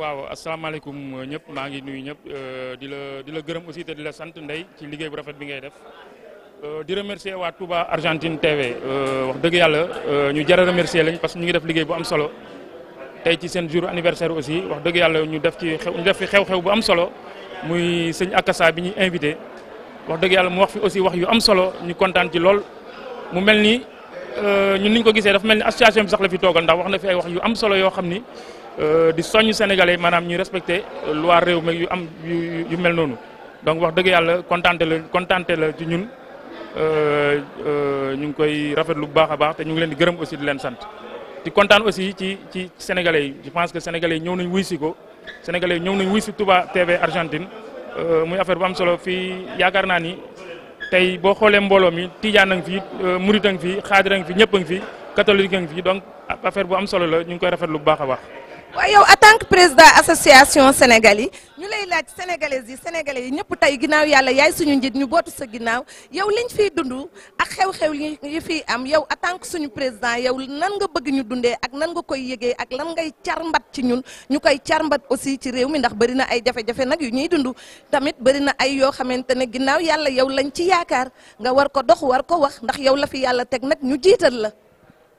waaw asalaamaaleykum euh, ñëpp maa ngi nuyu ñëpp euh, di la di la gërëm aussi te di la sant ndey ci liggéey bu rafet bi ngay def euh, di remercier waa Touba Argentine TV wax dëgg yàlla ñu jara remercier lañ parce que ñu ngi def liggéey bu am solo tey ci seen jour anniversaire aussi wax dëgg yàlla ñu def ci xew ñu fi xew-xew bu am solo muy sëñ Akassa bi ñuy invité wax dëgg yàlla mu wax fi aussi wax yu am solo ñu kontaan ci lool mu mel ni ñun niñ ko gisee dafa mel ni association bi sax la fi toogal ndax wax na fi ay wax yu am solo yoo xam ni Euh, di soññ sénégalais maanaam ñuy respecté loi réew mi yu am yu mel noonu donc wax dëgg yàlla kontaante la kontaante la ci ñun euh, euh, ñu ngi koy rafetlu lu baax a baax te ñu ngi leen di gërëm aussi di leen sant di kontaan aussi ci ci sénégalais yi je pense que sénégalais yi ñëw nañ wuy si ko yi ñëw nañ wuy si Touba TV Argentine muy affaire bu am solo fii yaakaar naa ni tey boo xoolee mbooloo mi tijaan a ngi fi murit a ngi fi xaadir fi ñëpp a fi catholique a ngi fi donc affaire bu am solo la ñu ngi koy rafetlu bu baax a baax. waaye yow en tant président association Sénégal yi ñu lay laaj sénégalais yi sénégalais yi ñëpp tey ginnaaw yàlla yaay suñu njiit ñu bootu sa ginnaaw yow liñ fiy dundu ak xew-xew yi fiy am yow en tant que suñu président yow nan nga bëgg ñu dundee ak nan nga koy yëgee ak lan ngay car mbat ci ñun ñu koy carmbat aussi ci réew mi ndax bëri na ay jafe-jafe nag yu ñuy dundu tamit bëri na ay yoo xamante ne ginnaaw yàlla yow lañ ci yaakaar nga war ko dox war ko wax ndax yow la fi yàlla teg nag ñu jiital la.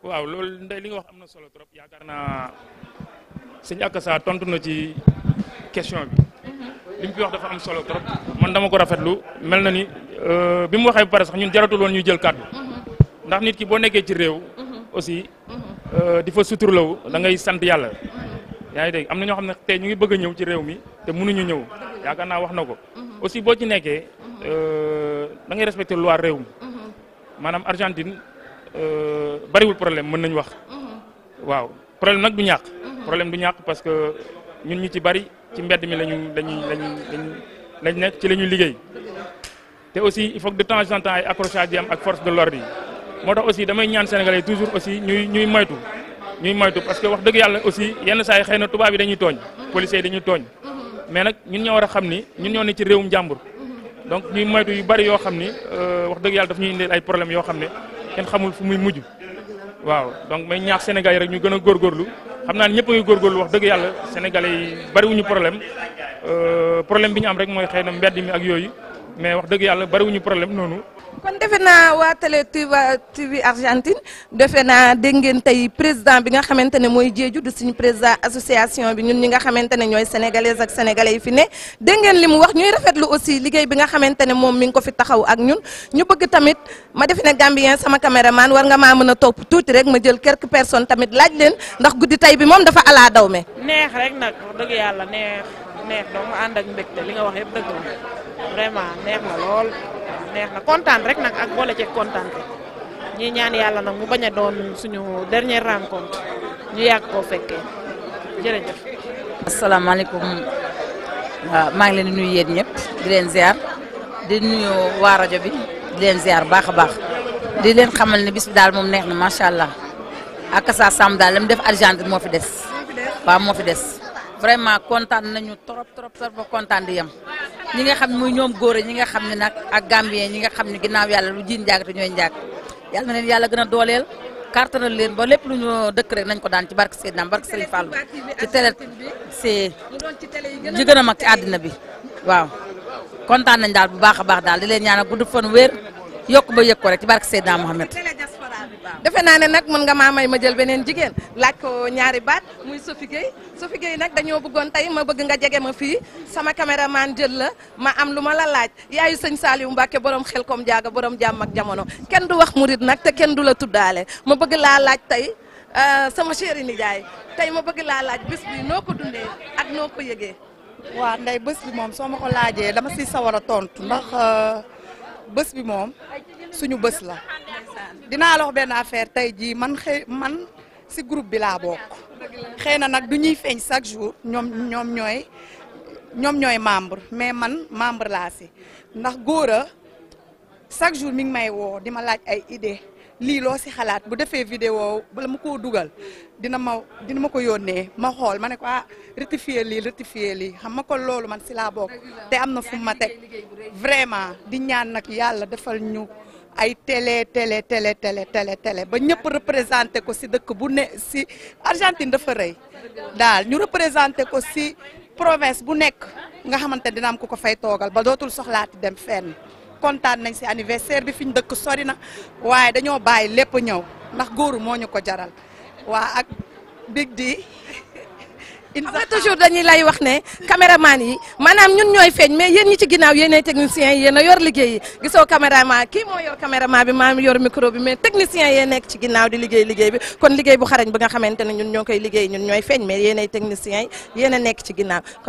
waaw am na solo trop yaakaar naa sëñ Akassa tontu na ci question bi li mu wax dafa am solo trop man dama ko rafetlu mel na ni euh, bi mu waxee ba pare sax ñun jaratul woon ñuy jël kàddu ndax nit ki boo nekkee ci réew aussi euh, di fa suturlaw da ngay sant yàlla yaa ngi dégg am na ñoo xam ne te ñu ngi bëgg ñëw ci réew mi te mënuñu ñëw yaakaar naa wax na ko aussi boo ci nekkee euh, da ngay respecté loi réew mi maanaam Argentine bariwul problème mën nañ wax waaw problème nag du ñàkk problème du ñàkk parce que ñu ñu ci bari ci mbedd mi lañu lañuy lañuy lañ nekk ci la ñuy liggéey te aussi il faut de temps en temps ay accrochage di am ak force de l'ordre yi moo tax aussi damay ñaan sénégalais toujours aussi ñuy ñuy moytu ñuy moytu parce que wax dëgg yàlla aussi yenn saa yi xëy na tubaab yi dañuy tooñ policiers yi dañuy tooñ mais nag ñun ñoo war a xam ni ñu ñoo ne ci réewum jàmbur donc ñuy moytu yu bari yoo xam ni euh, wax dëgg yàlla daf ñu indil ay problèmes yoo xam ne kenn xamul fu muy mujj waaw donc may ñaax sénégalais rek ñu gën a góorgóorlu xam naa ne ñëpp a ngi góorgóorlu wax dëgg yàlla sénégalais yi bariwuñu problème euh, problème bi ñu am rek mooy xëy na mbedd mi ak yooyu mais wax dëgg yàlla bariwuñu problème noonu kon defe naa waa Télé TV Argentine defe naa dégg ngeen tey président bi nga xamante ne mooy Diédhiou du suñu président association bi ñun ñi nga xamante ne ñooy sénégalaises ak sénégalais yi fi ne dégg ngeen li mu wax ñuy lu aussi liggéey bi nga xamante ne moom mi ngi ko fi taxaw ak ñun ñu bëgg tamit ma defe ne Gambien sama caméraman war nga maa mën a topp tuuti rek ma jël quelques personnes tamit laaj leen ndax guddi tey bi moom dafa alaa daw me neex rek nag yàlla neex neex ànd ak mbégte li nga wax vraiment kontaan rek nag ak boole ceeg kontaan rek ñuy ñaan yàlla nag mu bañ a doon suñu dernière rencontre ñu yàgg koo fekkee jërëjëf. asalaamaaleykum maa ngi leen nuyu yéen ñëpp di leen ziar di nuyu waa rajo bi di leen ziar baax a baax di leen xamal ne bis bi daal moom neex na macha allah ak sa daal la mu def Argentine moo fi des. waaw moo fi des vraiment kontaan nañu trop trop trop kontaan di yem. ñi nga xam ne muy ñoom góor ñi nga xam ne nag ak gambien ñi nga xam ne ginnaaw yàlla lu jiin njaag te ñooy njaag yàlla na leen yàlla gën a dooleel kartanal leen ba lépp lu ñu dëkk rek nañ ko daan ci barke Seydina barke Serigne Fallou ci télé c'est ñi gën a mag àddina bi waaw kontaan nañ daal bu baax baax daal di leen ñaanal gudd fan wéer yokk ba yëg ko rek ci barke Seydina Mohamed defe naa ne nag mën nga maa may ma jël beneen jigéen laaj ko ñaari baat muy Sophie Gueye Sophie Gueye nag dañoo bëggoon tey ma bëgg nga jege ma fii sama caméraman jël la ma am lu ma la laaj yaayu sëñ Saliou Mbacke borom xel kom jaaga borom jàmm ak jamono kenn du wax murit nag te kenn du la tuddaale ma bëgg laa laaj tey euh, sama chéri nijaay tey ma bëgg laa laaj bés bi noo ko dundee ak noo ko yëgee. waaw nday bés bi moom soo ma ko laajee dama si sawar a tontu ndax euh, bés bi moom suñu bés dinaa la benn affaire tey jii man xëy man si groupe bi laa bokk xëy na nag du ñuy feeñ chaque jour ñoom ñoom ñooy ñoom ñooy membre mais man membre laa si ndax góor a chaque jour mi ngi may woo di ma laaj ay idée liiloo si xalaat bu defee vidéo bala ma koo dugal dina ma dina ma ko yónnee ma xool ma ne ko ah rectifier lii rectifier lii xam ma ko loolu man si laa bokk te am na fu ma teg vraiment di ñaan nag yàlla defal ñu ay télé télé télé télé télé ba ñëpp représenté ko si dëkk bu ne si Argentine dafa rëy daal ñu représenté ko si province bu nekk nga xamante dina am ku ko fay toogal ba dootul ti dem fenn kontaan nañ si anniversaire bi fi ñu dëkk sori na waaye dañoo bàyyi lépp ñëw ndax góoru moo ñu ko jaral waa ak big di incha toujours dañuy lay wax ne caméraman yi maanaam ñun ñooy feeñ mais yéen ñi ci ginnaaw yéenay techniciens yi yéen a yor liggéey yi gisoo caméraman kii moo yor caméraman bi maa yor micro bi mais technicien yee nekk ci ginnaaw di liggéey liggéey bi kon liggéey bu xarañ bi nga xamante ne ñun ñoo koy liggéey ñun ñooy feeñ mais yéenay techniciens yi yéen a nekk ci ginnaaw